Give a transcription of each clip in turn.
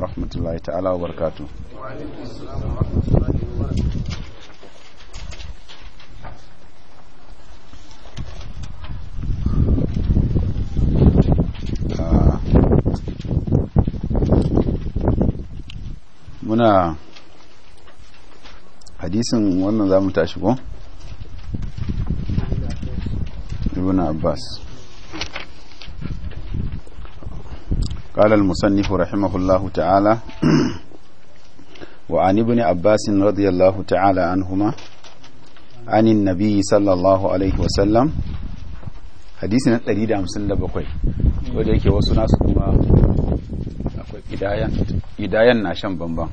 wa rahmatullahi ta'ala wa ah. muna hadisin wannan za mu tashi ko? ibn abbas قال المصنف رحمه الله تعالى وعن ابن عباس رضي الله تعالى عنهما عن النبي صلى الله عليه وسلم hadisi na 157 wadda yake wasu nasu kuma akwai idayan idayan na shan bamban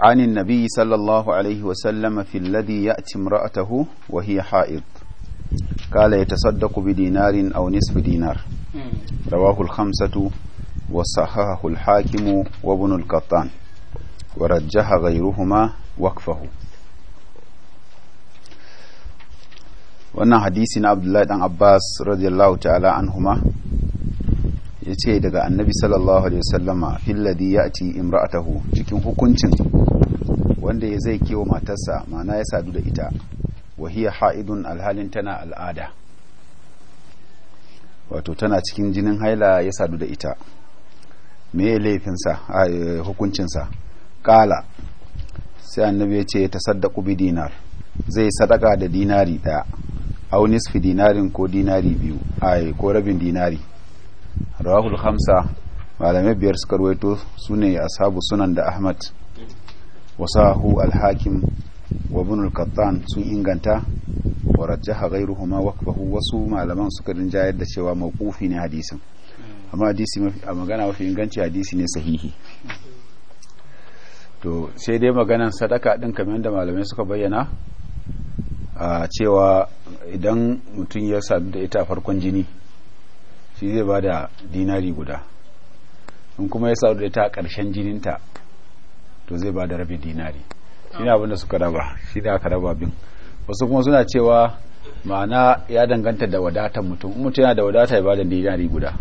عن النبي صلى الله عليه وسلم في الذي يأتي امرأته وهي حائض قال يتصدق بدينار أو نصف دينار رواه الخمسة وصححه الحاكم وابن القطان ورجح غيرهما وقفه wannan hadisi na abdullahi dan abbas radiyallahu ta'ala anhuma ya ce daga annabi sallallahu alaihi wasallama filladhi ya'ti imra'atahu cikin hukuncin wanda ya zai kewa matarsa mana ya sadu da ita wa hiya ha'idun alhalin tana al'ada wato tana cikin jinin haila ya sadu da ita me laifinsa eh, hukuncinsa kala sai annabi ya ce ta saddaku bi dinar zai sadaka da dinari daya au nisfi dinarin ko dinari biyu ai eh, ko rabin dinari rawahul hamsa malamai biyar suka ruwaito sune ashabu sunan da ahmad wasahu alhakim wa ibn al sun inganta wa rajjaha ghayruhuma waqfahu wasu malaman suka rinjayar da cewa mawqufi ne hadisin amma hadisi a magana mafi inganci hadisi ne sahihi to sai dai maganan sadaka din kamar yadda malamai suka bayyana a cewa idan mutum ya sadu da ita farkon jini shi zai ba da dinari guda in kuma ya sadu da ita a ƙarshen jininta to zai ba da rabin dinari shine abin da suka raba shine aka raba bin wasu kuma suna cewa ma'ana ya danganta da wadatar mutum in mutum yana da wadata ya bada dinari guda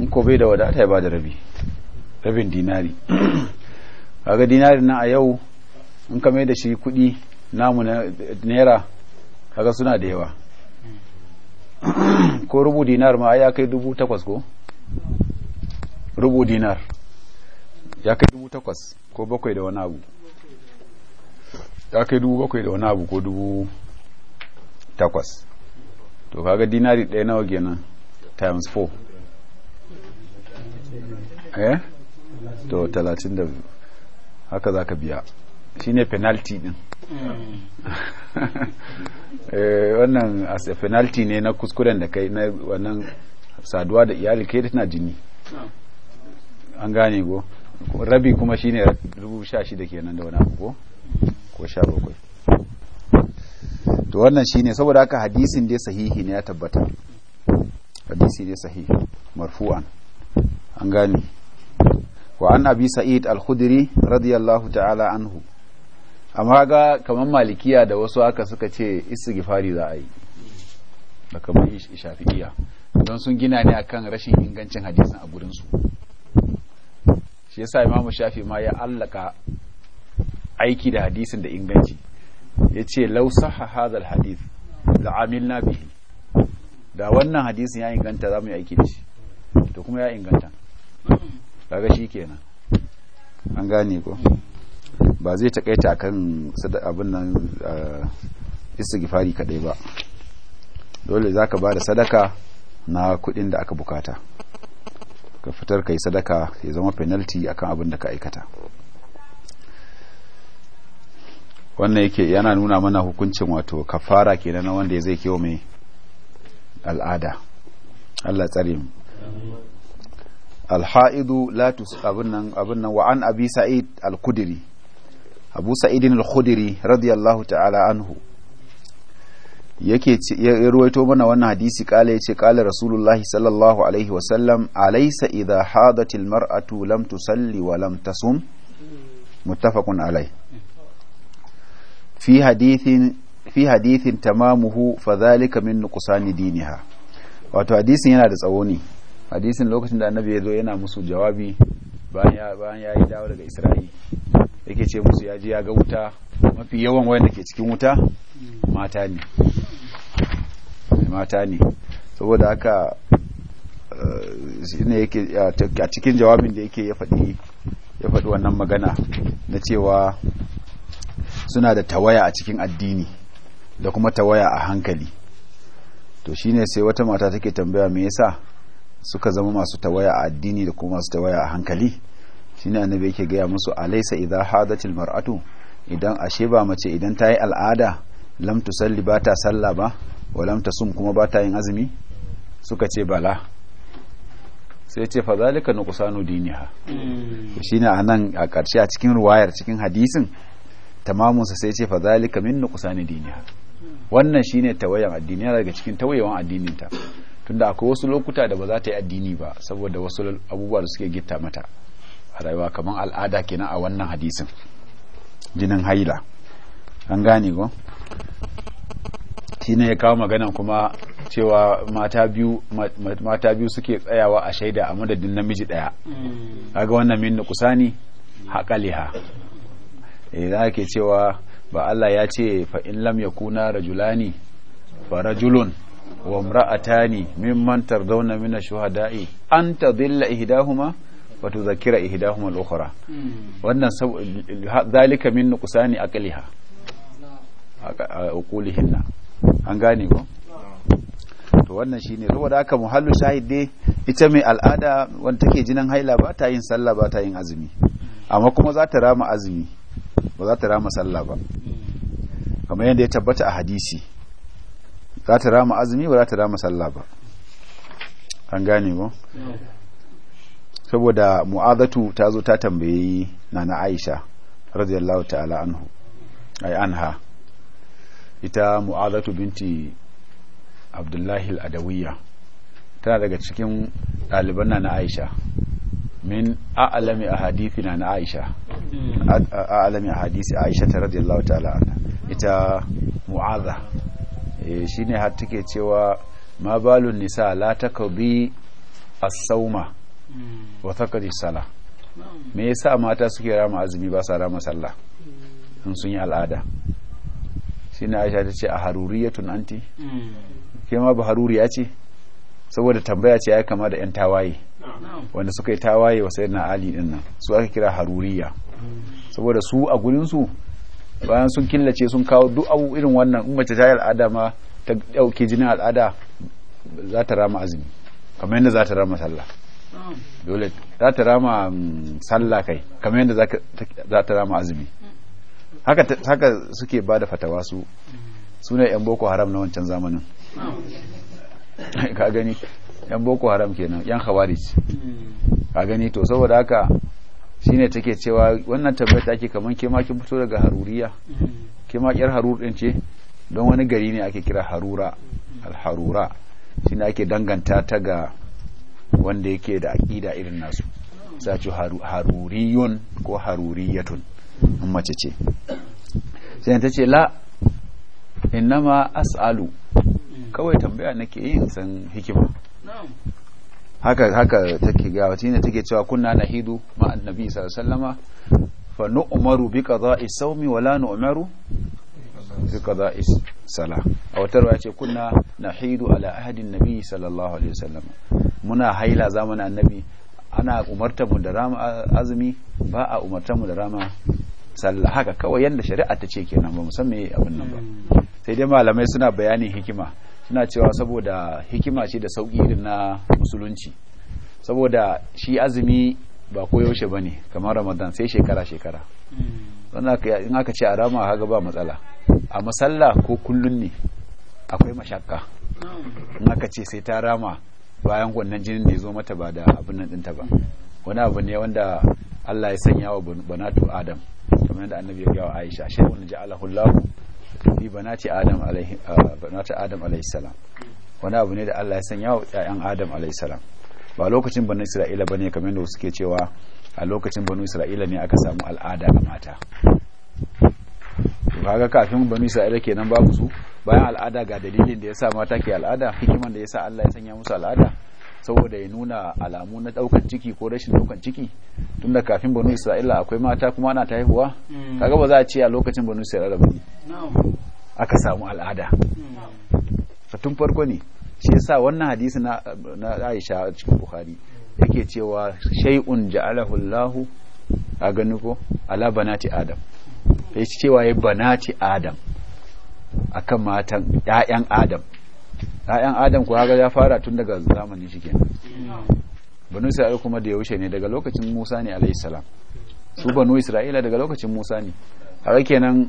in ko bai da wadata ya bada rabi rabin dinari kaga dinari na a yau in ka mai da shi kuɗi namu na naira kaga suna da yawa ko rubu dinar ma ya kai dubu takwas ko rubu dinar ya kai dubu takwas ko bakwai da wani abu ya kai dubu bakwai da wani abu ko dubu takwas to kaga dinari ɗaya nawa kenan times 4 eh to talatin da haka za ka biya shine penalty din eh, wannan as a penalty ne na kuskuren da kai na wannan saduwa da iyali kai tana jini an gane go rabi kuma shine 16 kenan da wani abu ko ko sha bakwai to wannan shine saboda haka hadisin dai sahihi ne ya tabbata hadisi ne sahihi marfu'an an gani wa an abi sa'id al-khudri radiyallahu ta'ala anhu amma ga kaman malikiya da wasu aka suka ce istighfari za a yi da kamar shafi'iya don sun gina ne akan rashin ingancin hadisin a gurin su shi yasa imamu shafi ma ya allaka aiki da hadisin da inganci ya ce lausa hadal hadith da na bihi da wannan hadisin ya inganta za mu yi aiki da shi to kuma ya inganta daga shi kenan an gane ko ba zai takaita kan abin nan eh, gifari kadai ba dole za ka ba da sadaka na kudin da aka bukata ka fitar ka yi sadaka ya zama penalty akan abin da ka aikata wannan yake yana nuna mana hukuncin wato kafara kenan na wanda zai kewa mai al'ada Allah tsare mu alha'idu Latus abin nan abin abi sa'id al abu sa'idin al-khudri radiyallahu ta'ala anhu yake ya ruwaito mana wannan hadisi kala yace kala rasulullahi sallallahu alaihi wa sallam alaysa idha tilmar mar'atu lam tusalli wa lam tasum muttafaqun alai fi hadithin fi hadithin tamamuhu fa zalika min nuqsani diniha wato hadisin yana da tsawo ne hadisin lokacin da annabi ya zo yana musu jawabi bayan ya yi dawo daga isra'i yake ce musu ya ji ya ga wuta mafi yawan da ke cikin wuta mata ne mata ne saboda haka ne yake a cikin jawabin da yake ya ya faɗi wannan magana na cewa suna da tawaya a cikin addini da kuma tawaya a hankali to shine sai wata mata take tambaya me yasa suka zama masu tawaya a addini da kuma masu tawaya a hankali shine annabi yake gaya musu alaysa idha hadatil mar'atu idan ashe ba mace idan ta yi al'ada lam tusalli ba ta sallah ba wa lam tasum kuma ba ta yin azumi suka ce bala sai ce fa zalika nuqsanu diniha hmm. shine anan a karshe a cikin ruwayar cikin hadisin tamamunsa sai ce fa zalika min nuqsani diniha wannan shine tawayan addini yana daga cikin tawayewan addinin ta tunda akwai wasu lokuta da ba za ta yi addini ba saboda wasu abubuwa da suke gitta mata a rayuwa kamar al'ada kenan a wannan hadisin jinin haila an gane go shine ya kawo magana kuma cewa mata biyu mata biyu suke tsayawa a shaida a madadin namiji daya hmm. kaga wannan min nuqsani haqaliha idan eh, ake cewa ba Allah ya ce fa in lam yakuna rajulani fa rajulun wa imra'atani mimman tardawna min ash-shuhada'i an tadilla ihdahuma wa tudhakkira ihdahuma al-ukhra wannan zalika min nuqsani aqliha aqulihinna an gane ko to wannan shine saboda haka muhallu shahid ita mai al'ada wanda take jinin haila ba ta yin sallah ba ta yin azumi amma kuma za ta rama azumi ba za ta rama sallah ba kamar yadda ya tabbata a hadisi za ta rama azumi ba za ta rama sallah ba an gane ko saboda mu'azatu ta zo ta tambayi na aisha radiyallahu ta'ala anhu anha ita mu'azatu binti abdullahi al-adawiyya tana daga cikin ɗaliban na aisha من أعلم أحاديثنا عن Aisha أعلم hmm. ahadisi Aisha ta radiyallahu ta'ala عنها ita mu'adha شيني e, har take cewa بال النساء nisa la الصومة وثقد sauma me yasa mata suke rama azumi ba sa rama sallah hmm. in sun yi al'ada shine Aisha ta ce a haruriyatun anti hmm. ke ma ba haruriya ce saboda tambaya ce ya kama da yan tawaye wanda suka yi tawaye wa sayyidina ali din nan su aka kira haruriya saboda su a gurin su bayan sun killace sun kawo duk abu irin wannan in mace ta yi al'ada ma ta dauke jinin al'ada za ta rama azumi kamar yadda za ta rama sallah dole za ta rama mm, sallah kai kamar yadda za ta rama azumi haka suke ba da fatawa su suna yan boko haram na wancan zamanin ka gani yan boko haram kenan yan khawarij hmm. ka gani to saboda haka shine take cewa wannan tambayar take kaman ke ma kin fito daga haruriya hmm. ke ma kyar harur din ce don wani gari ne ake kira harura hmm. harura shine ake danganta ta ga wanda yake da aqida irin nasu za haruriyun ko haruriyatun mace ce sai ta ce la innama as'alu kawai tambaya nake yin san hikima haka haka take gawa shine take cewa kunna nahidu ma annabi sallallahu alaihi wasallama fa umaru bi qada'i sawmi wa la umaru. bi qada'i salah a wata ruwa ce kunna nahidu ala ahadi annabi sallallahu alaihi wasallam muna haila zamanin annabi ana umarta mu da rama azumi ba a umarta mu da rama sallah haka kawai yanda shari'a ta ce kenan ba musamman abin nan ba hmm. sai dai malamai suna bayanin hikima suna cewa saboda hikima ce da sauki irin na musulunci saboda shi azumi ba koyaushe ba ne kamar ramadan sai shekara-shekara hmm. in aka ce a rama haga ba matsala a masalla ko kullun ne akwai mashakka hmm. in aka ce sai ta rama bayan wannan jinin da ya zo mata ba da abin ɗinta ba wani abu ne wanda Allah ya sanya wa banatu Adam kamar da annabi ya gawa Aisha shi wani ja'alahu Allah fi banati adam alaihi salam wani abu ne da Allah ya sanya yawo ‘ya’yan adam alaihi salam ba lokacin banu isra'ila ba ne kamar da suke cewa a lokacin banu isra'ila ne aka samu al'ada ga mata ga kafin banu isra'ila kenan ba su bayan al'ada ga dalilin da ya sa mata ke al'ada hikiman da ya sa Allah ya sanya musu al'ada saboda ya nuna alamu na daukan ciki ko rashin daukan ciki tunda kafin banu isra'ila akwai mata kuma ana ta haihuwa mm. kaga ba za a ce a lokacin banu isra'ila ba ne aka samu al'ada hmm. tun farko ne shi yasa wannan hadisi na Aisha a cikin buhari yake cewa shai'un ja'alahu Allahu a gani ko ala banati Adam ya ci cewa ya banati Adam akan matan yayan Adam yayan Adam ku haka ya fara tun daga zamanin shi kenan hmm. banu Isra'ila kuma da yaushe ne daga lokacin Musa ne alayhi salam su banu Isra'ila daga lokacin Musa ne har kenan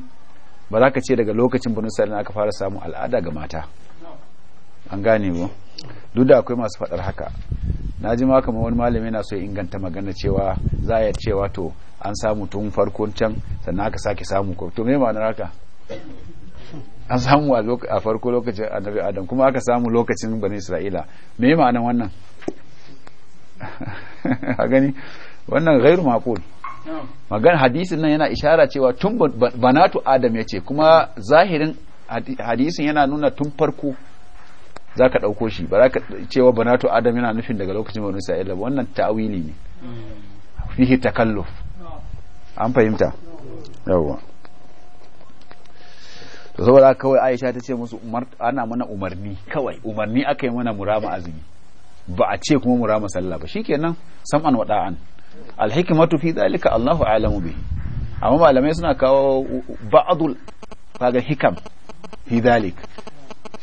ba za ka ce daga lokacin banu sa'ilin aka fara samu al'ada ga mata an gane ba duk da akwai masu fadar haka na ji maka wani malami na so inganta magana cewa za a cewa to an samu tun farkon can sannan aka sake samu ko to me na haka an samu a farko lokacin annabi adam kuma aka samu lokacin bani isra'ila me ma'anar wannan a gani wannan gairu makul. magan hadisin nan yana ishara cewa tun banatu adam ya ce kuma zahirin hadisin yana nuna tun farko za ka ɗauko shi ba za ka cewa banatu adam yana nufin daga lokacin wani sa'ila ba wannan ta'awili ne fihi kallo. an fahimta yawwa to saboda kawai aisha ta ce musu ana mana umarni kawai umarni aka yi mana murama azumi ba a ce kuma murama sallah ba shi shikenan sam'an wada'an alhikimatu fi zalika Allahu a'lamu bihi amma malamai suna kawo ba'dul kaga hikam fi zalik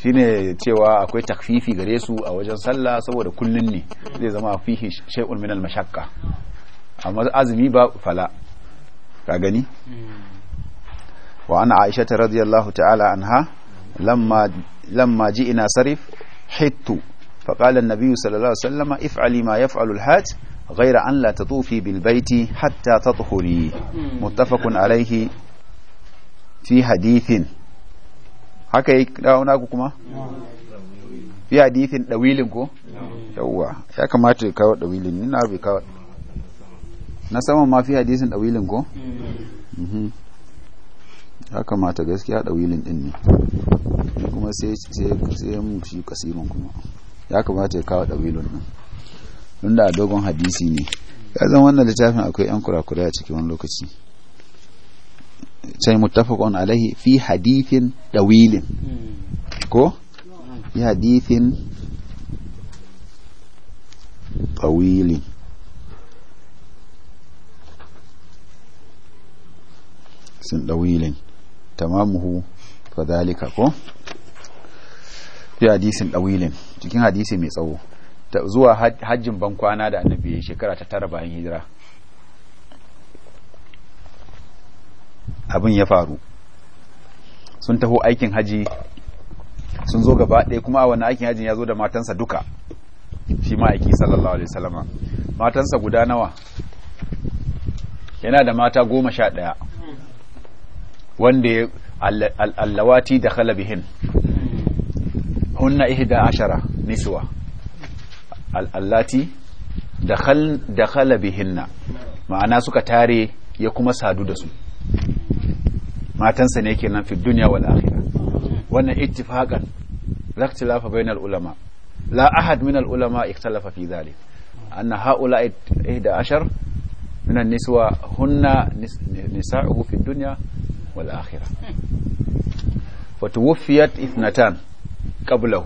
shine cewa akwai takfifi gare su a wajen sallah saboda kullun ne zai zama fihi shay'un min al-mashaqqa amma azumi ba fala ka gani wa ana aisha radiyallahu ta'ala anha lamma lamma ji'ina sarif hittu فقال النبي صلى الله عليه وسلم افعلي ما يفعل الحاج غير أن لا تطوفي بالبيت حتى تطهري متفق عليه في حديث haka yi dauna kuma fi hadithin dawilin ya kamata ya kawo dawilin ni na na saman ma fi hadithin dawilin ya kamata gaskiya dawilin din ne kuma sai sai shi kasirin ya kamata ya kawo dawilin din tunda da dogon hadisi ne ya zan wannan littafin akwai yan kurakurai a cikin wani lokaci sai muttafaqun alaihi fi hadithin dawilin ko fi hadithin طويل ta ma تمامه فذلك ko fi حديث طويل cikin hadisi mai tsawo zuwa hajjin bankwana da annabi ya shekara ta tara bayan hijira abin ya faru sun taho aikin haji sun zo gaba ɗaya kuma a wani aikin hajji ya zo da matansa duka shi aiki sallallahu alaihi salama matansa guda nawa yana da mata goma sha ɗaya wanda ya allawati da khalabihin hunna ihda ashara nisuwa allati dakhala bihinna ma'ana suka tare ya kuma sadu da su matansa ne kenan fi dunya wal akhirah wannan ittifaqan la ikhtilafa bainal ulama la ahad min al ulama ikhtalafa fi dhalik anna haula 11 min an niswa hunna nisa'uhu fi dunya wal akhirah wa tuwfiyat ithnatan qablahu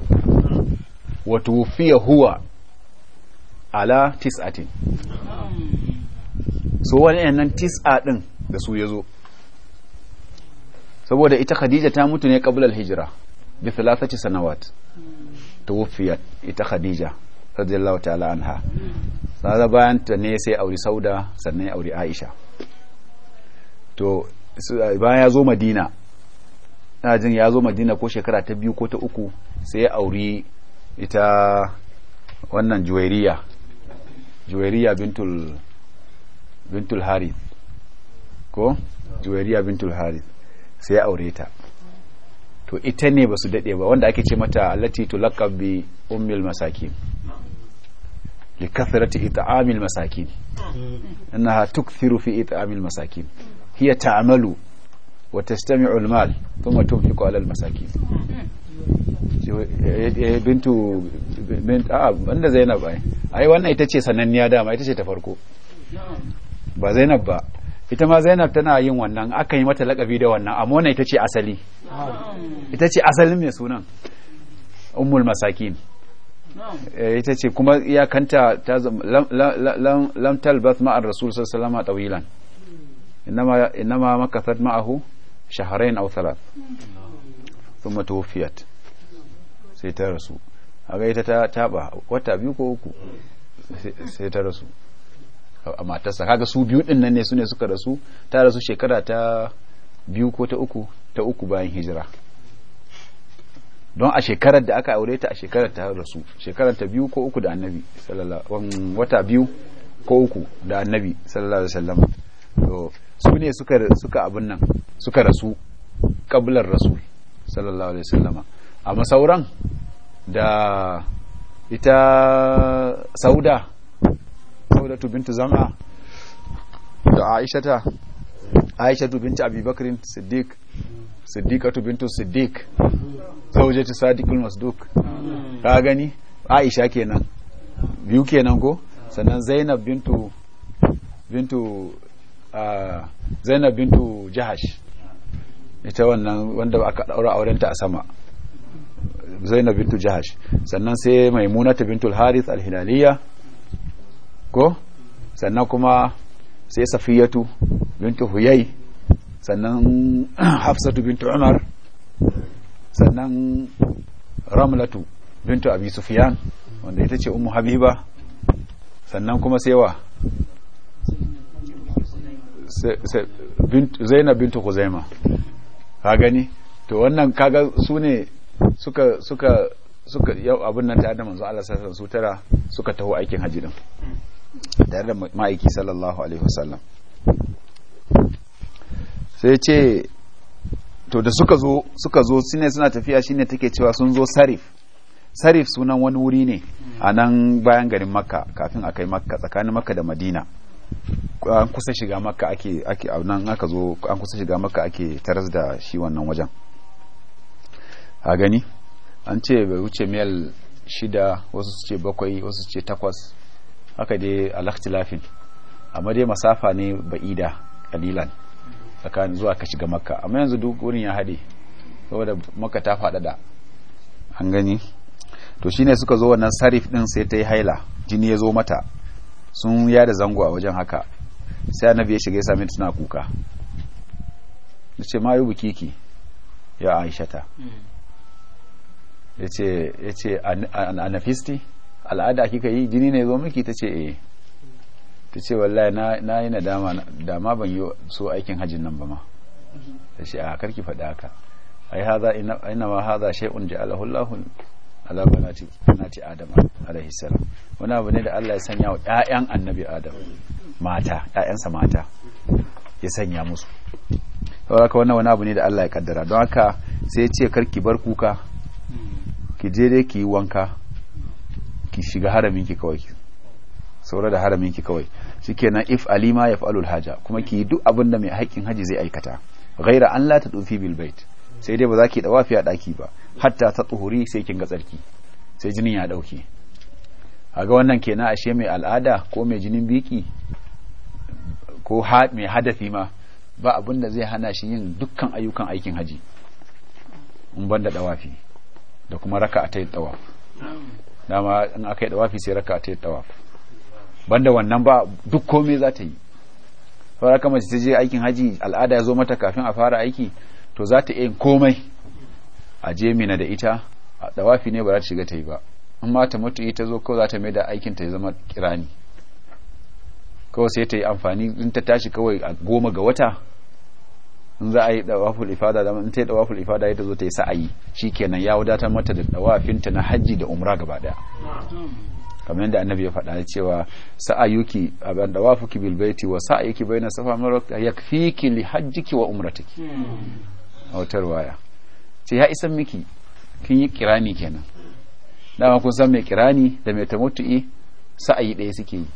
wa tuwfiya huwa ala tis'atin so nan tis'a ɗin da su ya zo saboda ita khadija ta mutu ne ƙabilar hijira bi thalathati sanawat tuwfiyat ita khadija radiyallahu ta'ala anha sai bayan ta ne sai auri sauda sannan ya auri aisha to bayan ya zo madina na jin ya zo madina ko shekara ta biyu ko ta uku sai ya auri ita wannan juwairiya juwairiya bintul bintul harith ko juwairiya bintul harith sai ya aure ta to ita ne ba su daɗe ba wanda ake ce mata allati tulaqab bi ummil masakin li kathrati it'amil masakin annaha tukthiru fi it'amil masakin hiya ta'malu wa tastami'u al-mal thumma tunfiqu 'ala al-masakin eh, bintu bint a'a banda Zainab ai ai wannan ita ce sananniya dama ita ce ta farko ba Zainab ba ita ma Zainab tana yin wannan aka yi mata lakabi da wannan amma wannan ita ce asali ita ce asalin mai sunan ummul masakin eh, ita ce kuma kanta ta lam talbath ma'ar rasul sallallahu alaihi wasallam inama inama makathat ma'ahu shahrayn aw thalath thumma tuwfiyat sai ta rasu a ga ita ta taba wata biyu ko uku sai ta rasu a matarsa kaga su biyu din nan ne su ne suka rasu ta rasu shekara ta biyu ko ta uku ta uku bayan hijira don a shekarar da aka aure ta a shekarar ta rasu shekarar ta biyu ko uku da annabi sallallahu um, wata biyu ko uku da annabi sallallahu alaihi wasallam to su ne suka suka abun nan suka rasu kabilar rasul sallallahu alaihi wasallama amma sauran da ita sauda tu bintu zam'a da aishata aishatu bintu abubakarin siddiq siddiqatu bintu siddiq saujatu sadiqul masduq ka gani aisha kenan biyu kenan ko sannan zainab bintu bintu zainab bintu jahash ita wannan wanda aka daura aurenta a sama zainab bintu jahash sannan sai maimunata al harith al-hilaliya ko sannan kuma sai safiyatu bintu huyai sannan hafsatu bintu umar sannan ramlatu bintu abi sufyan wanda ita ce ummu habiba sannan kuma sai wa zainab bintu kuzaima ka gani to wannan kaga su ne suka suka suka yau abin nan tare da manzo Allah sallallahu su tara suka taho aikin haji din tare da ma'aiki sallallahu alaihi wasallam sai ce to da suka zo suka zo shine suna tafiya shine take cewa sun zo sarif sarif sunan wani wuri ne a nan bayan garin makka kafin a makka tsakanin makka da madina an kusa shiga makka ake ake nan aka zo an kusa shiga makka ake taras da shi wannan wajen a gani an ce bai wuce mil shida wasu su ce bakwai wasu su ce takwas haka dai alaktilafin amma dai masafa ne ba'ida kalilan tsakanin zuwa ka shiga makka amma yanzu duk wurin ya haɗe saboda makka ta faɗaɗa an gani to shine suka zo wannan sarif ɗin sai ta yi haila jini ya zo mata sun yada zango a wajen haka sai annabi ya shiga ya sami tana kuka ce ma yi bukiki ya aishata hmm. ya ce anafisti al'ada kika yi jini ne zo miki ta ce eh ta ce wallahi na yi na dama ban yi so aikin hajjin nan ba ma ta ce a karki faɗa haka ai haza ina ma haza shay'un ja'alahu Allahu ala banati banati adama alaihi salam wani abu ne da Allah ya sanya wa ƴaƴan annabi adam mata ƴaƴansa mata ya sanya musu saboda haka wannan wani abu ne da Allah ya kaddara don haka sai ya ce karki bar kuka ki je dai ki yi wanka ki shiga haramin ki kawai saura da haramin ki kawai shikenan if alima ya alul haja kuma ki yi duk abinda da mai haƙƙin haji zai aikata ghaira an la tatufi bil sai dai ba za ki dawafi a ɗaki ba hatta ta tsuhuri sai kin ga tsarki sai jinin ya dauke kaga wannan kenan ashe mai al'ada ko mai jinin biki ko mai hadafi ma ba abin zai hana shi yin dukkan ayyukan aikin haji in banda dawafi da kuma raka a ta yi tawaf dama in aka yi sai raka a ta yi tawaf banda wannan ba duk komai za ta yi fara kama ta je aikin haji al'ada ya zo mata kafin a fara aiki to za ta yin komai a je mina da ita a ne ba za ta shiga ta yi ba amma ta mutu ita zo kawai za ta mai da aikin ta ya zama kirani kawai sai ta yi amfani in ta tashi kawai a goma ga wata in za a yi dawaful ifada da in ta yi dawaful ifada ya ta zo ta yi sa'ayi shikenan ya wadatar mata da dawafinta na hajji da umra gaba daya kamar yadda annabi ya faɗa cewa sa'ayuki aban dawafuki bil baiti wa sa'ayuki bayna safa marwa yakfiki li hajjiki wa umratiki a wata ruwaya ce ya isan miki kin yi kirani kenan dama kun san mai kirani da mai tamattu'i sa'ayi ɗaya suke yi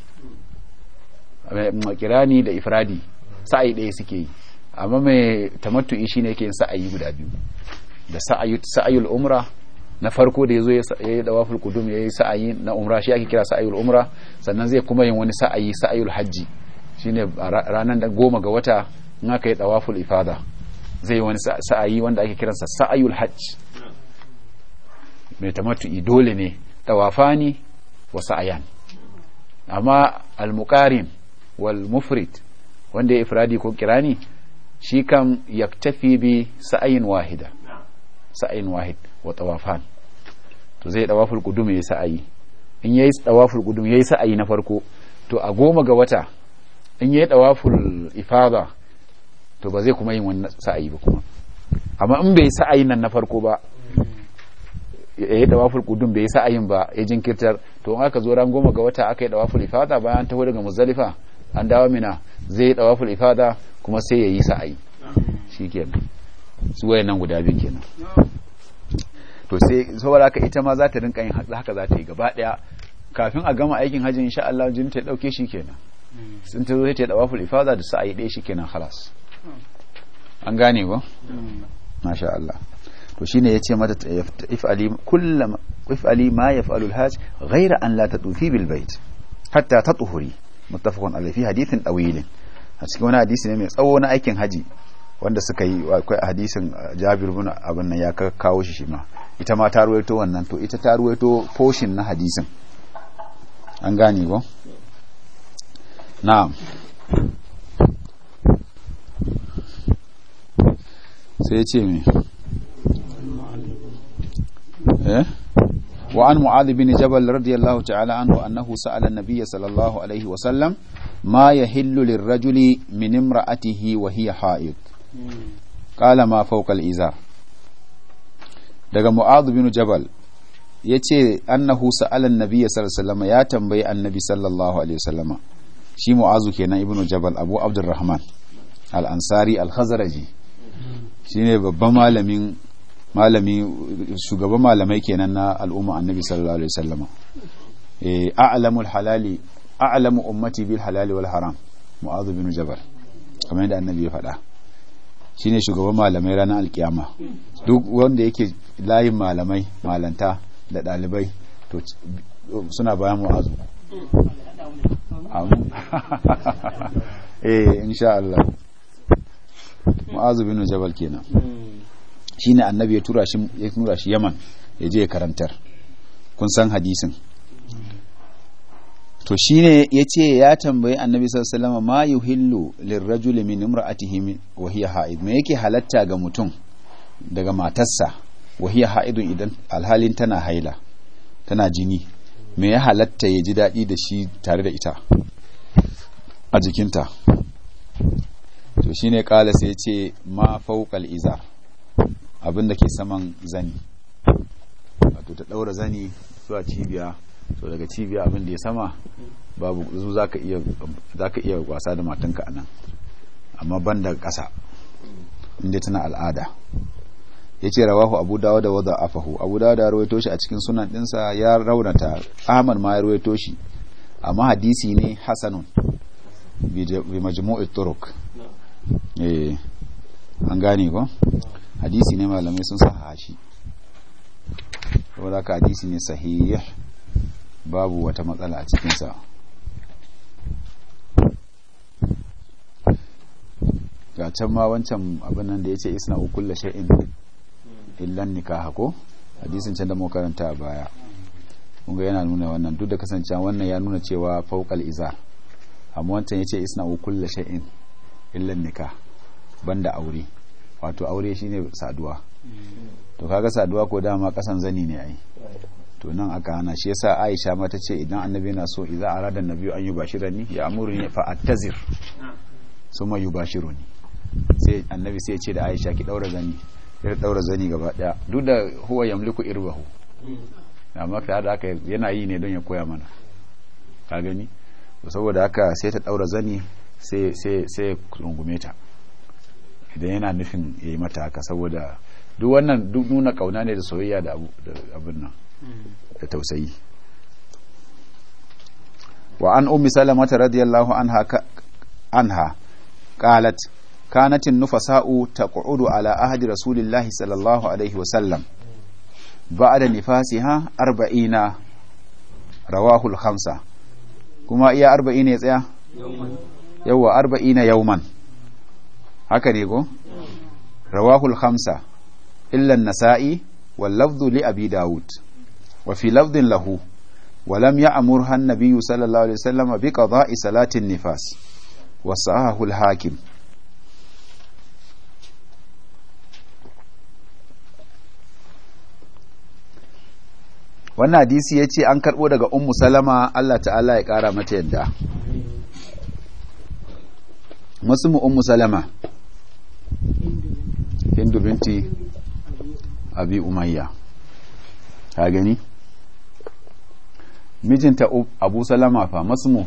kirani da ifradi sa'ayi ɗaya suke yi amma mai tamattu'i shi yake yin sa'ayi guda biyu da sa'ayi sa'ayul umra na farko da ya zo yazo yayi dawaful qudum yi sa'ayi na umra shi ake kira sa'ayul umra sannan zai kuma yin wani sa'ayi sa'ayul hajji shine ranar da goma ga wata in aka yi dawaful ifada zai wani sa'ayi wanda ake kiransa sa'ayul hajj mai tamatu'i dole ne tawafani wa sa'ayan amma al-muqarin wal mufrid wanda ya ifradi ko kirani shi kam tafi bi sa'ayin wahida sa'ayin wahid wa tawafan to zai tawaful kudum yayi sa'ayi in yayi tawaful ya yayi sa'ayi na farko to a goma ga wata in yayi tawaful ifada to ba zai kuma yin wannan sa'ayi ba kuma amma in bai sa'ayi nan na farko ba ya yi dawaful kudum bai yi sa'ayin ba ya jinkirtar to in aka zo ran goma ga wata aka yi tawaful ifada bayan taho daga muzdalifa an dawo mina zai dawaful ifada kuma sai ya yi sa'ayi shikenan su nan guda biyu kenan to sai saboda haka ita ma za ta rinka yin haka za ta yi gaba daya kafin a gama aikin hajji insha Allah jini ta dauke shi kenan sun ta zo ta dawaful ifada da sa'ayi ɗaya shikenan khalas an gane ba masha Allah to shine yace mata if'ali kullam if'ali ma yaf'alu al-hajj ghayra an la tatufi bil bayt hatta tatuhuri muttafaqun alayhi fi hadithin dawilin a cikin wani hadisi ne mai tsawo na aikin haji wanda suka yi akwai hadisin uh, Jabir bin abin nan ya kawo shi shi ma ita ma ta ruwaito wannan to ita ta ruwaito poshin na hadisin an gane ba na'am sai ce me eh وعن معاذ بن جبل رضي الله تعالى عنه أنه سأل النبي صلى الله عليه وسلم ما يحل للرجل من امرأته وهي حائض قال ما فوق الإزار daga mu'adh bin jabal yace annahu sa'ala an-nabiy sallallahu alaihi wasallam ya tambayi annabi sallallahu alaihi wasallam shi mu'azu kenan ibnu jabal abu abdurrahman al-ansari al-khazraji shine babban malamin malami shugaban malamai kenan na al'umma annabi sallallahu alaihi wasallam eh a'lamul halali a'lamu ummati bil halali wal haram mu'adh bin jabal kamar yadda annabi ya faɗa shine shugaban malamai ranar alkiyama duk wanda yake layin malamai malanta da ɗalibai to suna bayan mu'azu eh insha Allah mu'adh bin jabal kenan hmm. shine annabi ya tura shi ya tura shi Yaman ya je ya karantar kun san hadisin to shine yace ya tambayi annabi sallallahu alaihi wasallam ma yuhillu lirrajuli min imra'atihi wa hiya ha'id me yake halatta ga mutum daga matarsa wa hiya ha'id idan alhalin tana haila tana jini me ya halatta ya ji dadi da shi tare da ita a jikinta to shine kala sai ce ma fawqal izar abin da ke saman zani wato ta daura zani zuwa cibiya so daga cibiya abin da ya sama babu zu za iya iya wasa da matanka a nan amma ban daga ƙasa inda tana al'ada ya yace rawahu abu dawo da wadda afahu abu dawo ya rawaito shi a cikin sunan dinsa ya raunata ahmad ma ya rawaito shi amma hadisi ne hasanun bi majmu'it turuk eh an gane ko hadisi ne malamai sun sa shi saboda hadisi ne sahih babu wata matsala a cikinsa ga can ma wancan abinan nan da ya ce isna ukulla sha'in illan nikaha ko hadisin can da makaranta baya kunga yana nuna wannan duk da kasancewa wannan ya nuna cewa faukal iza amma wancan ya ce isna ukulla sha'in illan nikah banda aure wato aure shine saduwa mm. to kaga saduwa ko dama kasan zani ne ai to nan aka hana shi yasa Aisha ma ta ce idan annabi yana so idan arada annabi an yubashirani ya amurni fa attazir suma yubashiruni sai annabi sai ya ce da Aisha ki daura zani ya daura zani gaba daya duk da huwa yamliku irbahu mm. amma ta da haka yana yi ne don ya koya mana ka gani saboda haka sai ta daura zani sai sai sai rungume ta idan yana nufin ya yi mata haka saboda duk wannan duk nuna kauna ne da soyayya da abin nan mm. da tausayi wa an ummi salamata radiyallahu anha anha qalat kanat nufasa'u taq'udu ala ahdi rasulillahi sallallahu alaihi wa sallam ba'da nifasiha arba'ina rawahu al-khamsa kuma iya arba'ina ya tsaya yawwa arba'ina yawman yawman haka ne go rawahul khamsa illa nasa'i wal lafdhu li abi daud wa fi lafdin lahu wa lam ya'murha an nabiyyu sallallahu alaihi wasallam bi qada'i salati nifas wa sahahu al-hakim wannan hadisi ya ce an karɓo daga ummu salama Allah ta'ala ya ƙara mata yadda masu ummu salama hindu binti abi umayya ka gani mijinta abu salama fa masmu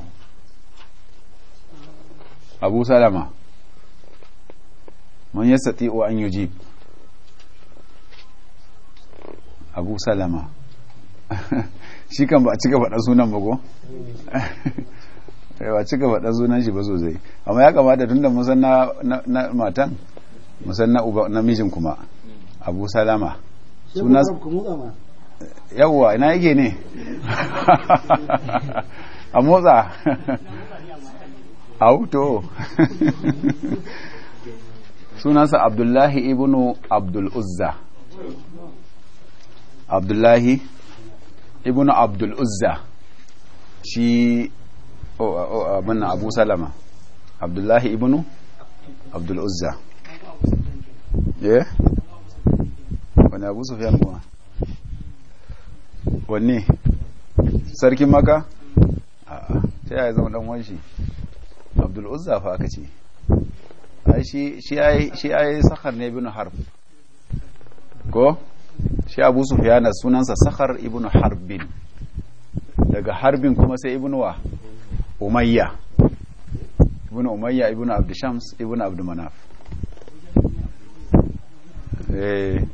abu salama man yastati wa an yujib abu salama shi kan ba a cika faɗa sunan ba a ba cika faɗa sunan shi ba sosai amma ya kamata tun da musan na matan musan na uba namijin kuma abu salama suna yawwa ina yake ne a motsa a auto sunansa abdullahi ibnu abdul uzza abdullahi ibnu abdul uzza shi abu salama abdullahi ibnu abdul uzza wani abu sufiyan kuma wani sarkin maka a ta yaya zama dan wanshi abdul uzza fa aka ce shi yi sakar ne ibn harb ko shi abu na sunansa sakar ibn harbin daga harbin kuma sai ibn wa umayya ibn umayya ibn abdushams ibn abdumanaf eh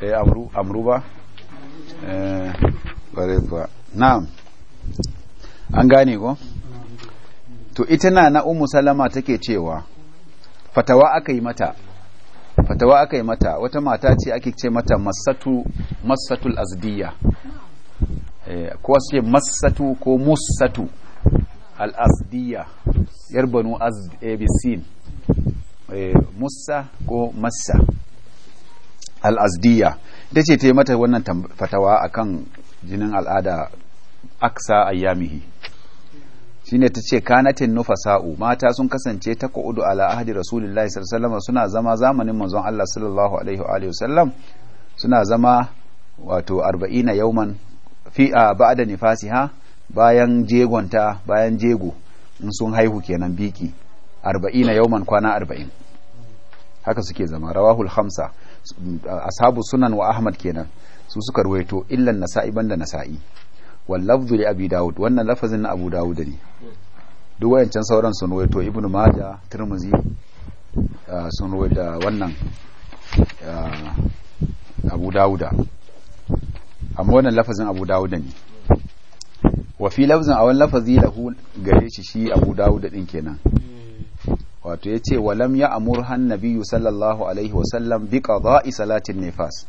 eh amru amruba eh bare na'am an gane ko to ita na na ummu salama take cewa fatawa aka yi mata fatawa aka yi mata wata mata ce ake ce mata masatu masatul azdiya eh ko ce masatu ko musatu al-azdiya yar banu azd abc eh, eh musa ko massa al-azdiya ita ce ta yi mata wannan fatawa akan jinin al'ada aksa ayyamihi shine ta ce kanatin nufasa'u mata sun kasance ta ku'udu ala ahdi rasulullahi sallallahu alaihi suna zama zamanin manzon Allah sallallahu alaihi wa sallam suna zama wato 40 yauman fi a ba'da nifasiha bayan jegonta bayan jego in sun haihu kenan biki 40 yauman kwana 40 haka suke zama rawahul hamsa ashabu sunan wa ahmad kenan su suka ruwaito illan nasa'i banda nasa'i wal lafzu li abi daud wannan lafazin na abu daud ne duk wayancan sauran sun ruwaito ibnu majah tirmidhi ah, sun ruwaita wannan ah, abu dauda amma wannan lafazin abu dauda ne wa fi lafzin a wani lafazi lahu gare shi shi abu dauda din kenan wato ya ce walam ya amurhan nabiyu sallallahu alaihi wasallam bi qada'i salatin nefas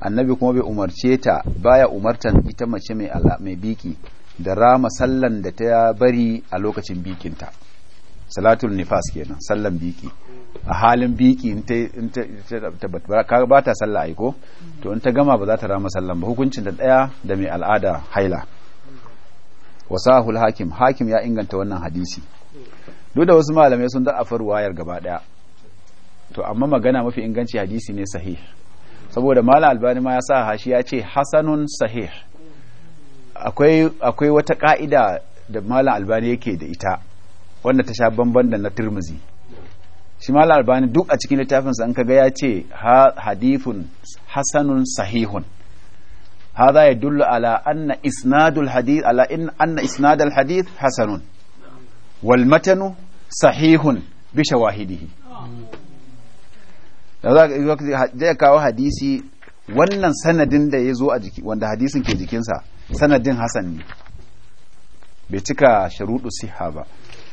annabi kuma bai umarce ta baya umartan ita mace mai biki da rama sallan da ta bari a lokacin bikinta salatul nifas kenan sallan biki a halin biki in ta ba ta sallah aiko to in ta gama ba za ta rama sallan ba hukuncin da daya da mai al'ada haila wasahul hakim hakim ya inganta wannan hadisi duk da wasu malamai sun da afar wayar gaba daya to amma magana mafi inganci hadisi ne sahih saboda malam albani ma ya sa hashi ya ce hasanun sahih akwai akwai wata ka'ida da malam albani yake da ita wanda ta sha bamban da na turmuzi shi malam albani duk a cikin littafinsa an kaga ya ce hadifun hasanun sahihun هذا يدل على أن إسناد الحديث على أن إسناد الحديث حسن wal matanu sahihun bi shawahidihi da kawo hadisi wannan sanadin da ya zo a jiki wanda hadisin ke jikinsa sanadin hasan ne bai cika sharuɗu siha ba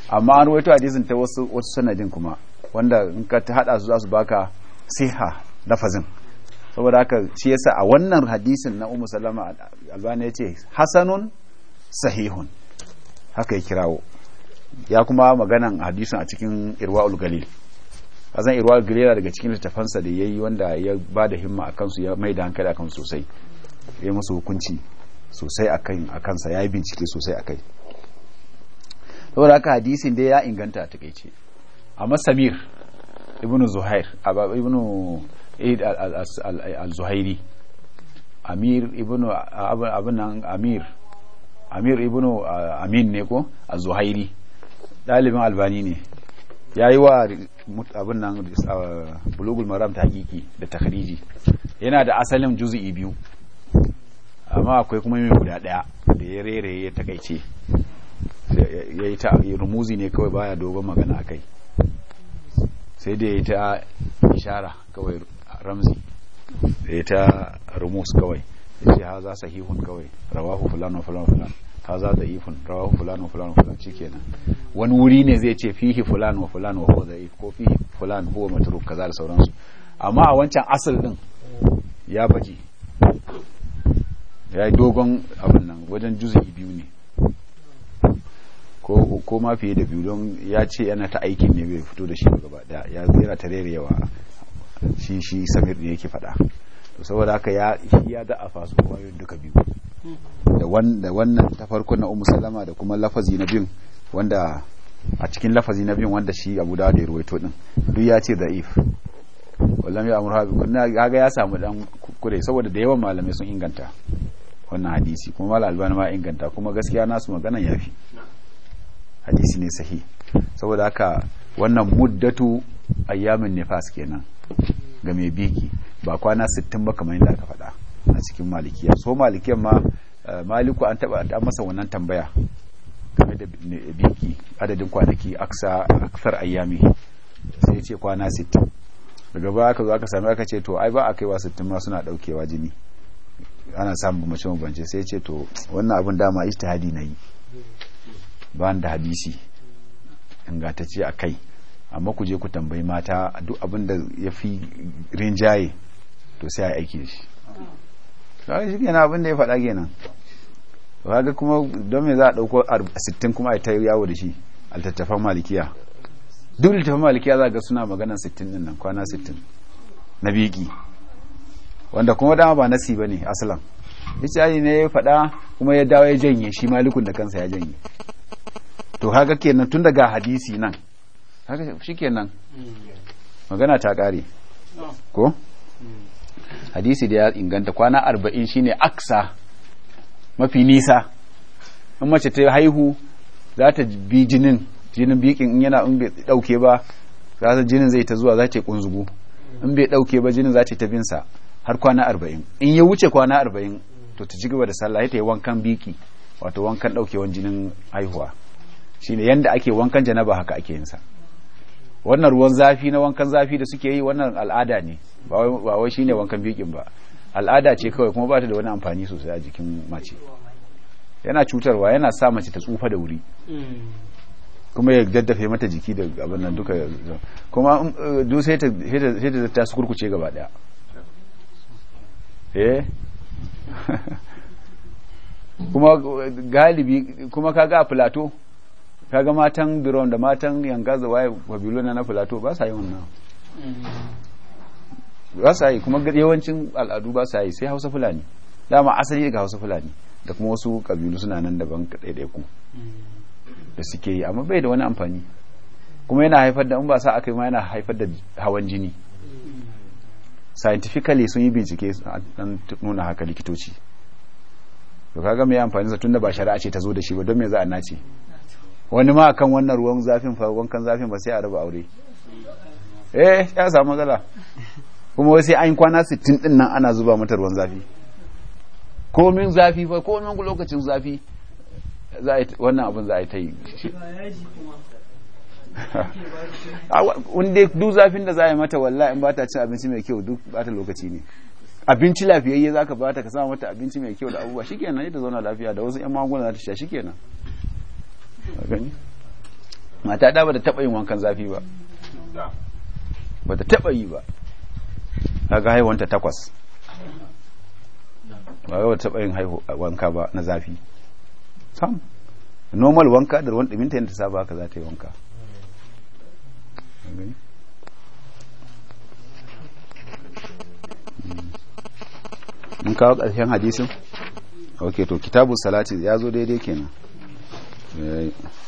amma an waito hadisin ta wasu sanadin kuma wanda in ka ta hada su za su baka siha lafazin saboda haka shi yasa a wannan hadisin na umu Salama Albani ce hasanun sahihun haka ya kirawo ya kuma maganan hadisin a cikin irwa'ul galil azan irwa'ul galil daga cikin littafansa da yayi wanda ya ba da himma a kansu ya mai da hankali akan sosai ya musu hukunci sosai a kansa ya yi bincike sosai a kai. saboda haka hadisin dai ya inganta a takaice amma samir ibn zuhair ibnu aid al-zuhairi amir ibnu amir amir ibn amin ne ko al zuhairi dalibin albani ne ya yi wa abin nan uh, bulugul maram ta hakiki da takariji yana da asalin juzi'i biyu amma akwai kuma mai guda ɗaya da ya rere ya takaice ya yi ta rumuzi ne kawai baya dogon magana a kai sai da ya yi ta ishara kawai ramzi da ya ta rumus kawai yace haza sahihun kawai rawahu fulan wa fulan fulan haza da'ifun rawahu fulan wa fulan fulan shikenan wani wuri ne zai ce fihi fulan wa fulan wa huwa ko fihi fulan huwa matruk kaza da sauransu amma a wancan asal din ya baje ya yi dogon abin nan wajen juzi biyu ne ko ma fiye da biyu don ya ce yana ta aikin ne bai fito da shi gaba daya ya zira ta yawa shi shi samir ne yake faɗa to saboda haka ya shi ya da afa su wayoyin duka biyu da wannan wannan ta farko na ummu salama da kuma lafazi na bin wanda a cikin lafazi na bin wanda shi abu da ya ruwaito din duk ya ce da'if wallan ya amurha bi kunna kaga ya samu dan kure saboda da yawan malamai sun inganta wannan hadisi kuma malal albani ma inganta kuma gaskiya nasu maganan yafi hadisi ne sahi saboda haka wannan muddatu ayyamin nifas kenan ga mai biki ba kwana 60 ba kamar yadda aka faɗa a cikin malikiya so malikiyan ma eh, maliku an taba an masa wannan tambaya game da biki adadin kwanaki aksa aksar ayyami sai ce kwana 60 daga ba aka zo aka sami aka ce to ai ba a kaiwa 60 ma suna daukewa jini ana samun bambance bambance sai ce to wannan abin dama ijtihadi nayi ba da hadisi ingantacce a kai amma ku je ku tambayi mata duk abin da ya fi rinjaye to sai a aiki shi shi ah. kawai shi kenan abin da ya faɗa kenan kaga kuma don me za a ɗauko sittin kuma a ta yawo da shi altattafan malikiya duk littattafan malikiya za ga suna magana sittin din nan kwana sittin na biki wanda kuma dama ba nasi ba ne asalan yace ali ne ya faɗa kuma ya dawo ya janye shi malikun da kansa ya janye to kaga kenan tun daga hadisi nan haka nan mm. magana ta kare ko mm. hadisi da ya inganta kwana arba'in shine aksa mafi nisa in mace ta haihu za ta bi jinin jinin bikin in yana in bai dauke ba za ta jinin zai ta zuwa za ta kunzugu in bai ɗauke ba jinin za ta tafi sa har kwana arba'in in ya wuce kwana arba'in to ta ci gaba da sallah ta yi wankan biki wato wankan daukewan jinin haihuwa shine yadda ake wankan janaba haka ake yin sa. wannan ruwan zafi na wankan zafi da suke yi wannan al'ada ne ba wai shine wankan bikin ba al'ada ce kawai kuma bata ta da wani amfani sosai a jikin mace yana cutarwa yana sa mace ta tsufa da wuri kuma ya daddafe mata jiki da abin nan duka kuma eh, duk sai ta sai ta ta kurkuce gaba daya eh kuma eh, galibi kuma kaga a plateau kaga matan biron da matan yanga zawaye babilona na filato ba sa yi wannan mm-hmm. ba sa yi kuma yawancin al'adu ba sa yi sai hausa fulani dama asali daga hausa fulani da kuma wasu kabilu suna nan daban ku mm-hmm. da suke yi amma bai da wani amfani kuma yana haifar da in ba sa aka yi ma yana haifar da hawan jini mm-hmm. scientifically sun yi bincike an nuna haka likitoci to kaga mai amfani sa tunda ba shari'a ce ta zo da shi ba don me za a nace wani ma kan wannan ruwan zafin faruwan kan zafin ba sai a raba aure eh ya samu matsala kuma wai sai an kwana 60 din nan ana zuba mata ruwan zafi komin zafi fa komin lokacin zafi za a wannan abin za a yi ta yi wanda duk zafin da za a yi mata wallahi in ba ta cin abinci mai kyau duk ba ta lokaci ne abinci lafiyayye za ka ba ta ka sama mata abinci mai kyau da abubuwa shikenan ita zauna lafiya da wasu 'yan magunguna za ta sha shikenan gani mata da bata taba yin wankan zafi ba bata taba yi ba kaga haihuwanta takwas ba ga taba yin wanka ba na zafi sam normal wanka da ruwan ɗuminta yadda saba haka za ta yi wanka mun kawo ƙarshen hadisin ok to kitabu salati ya zo daidai kenan Right.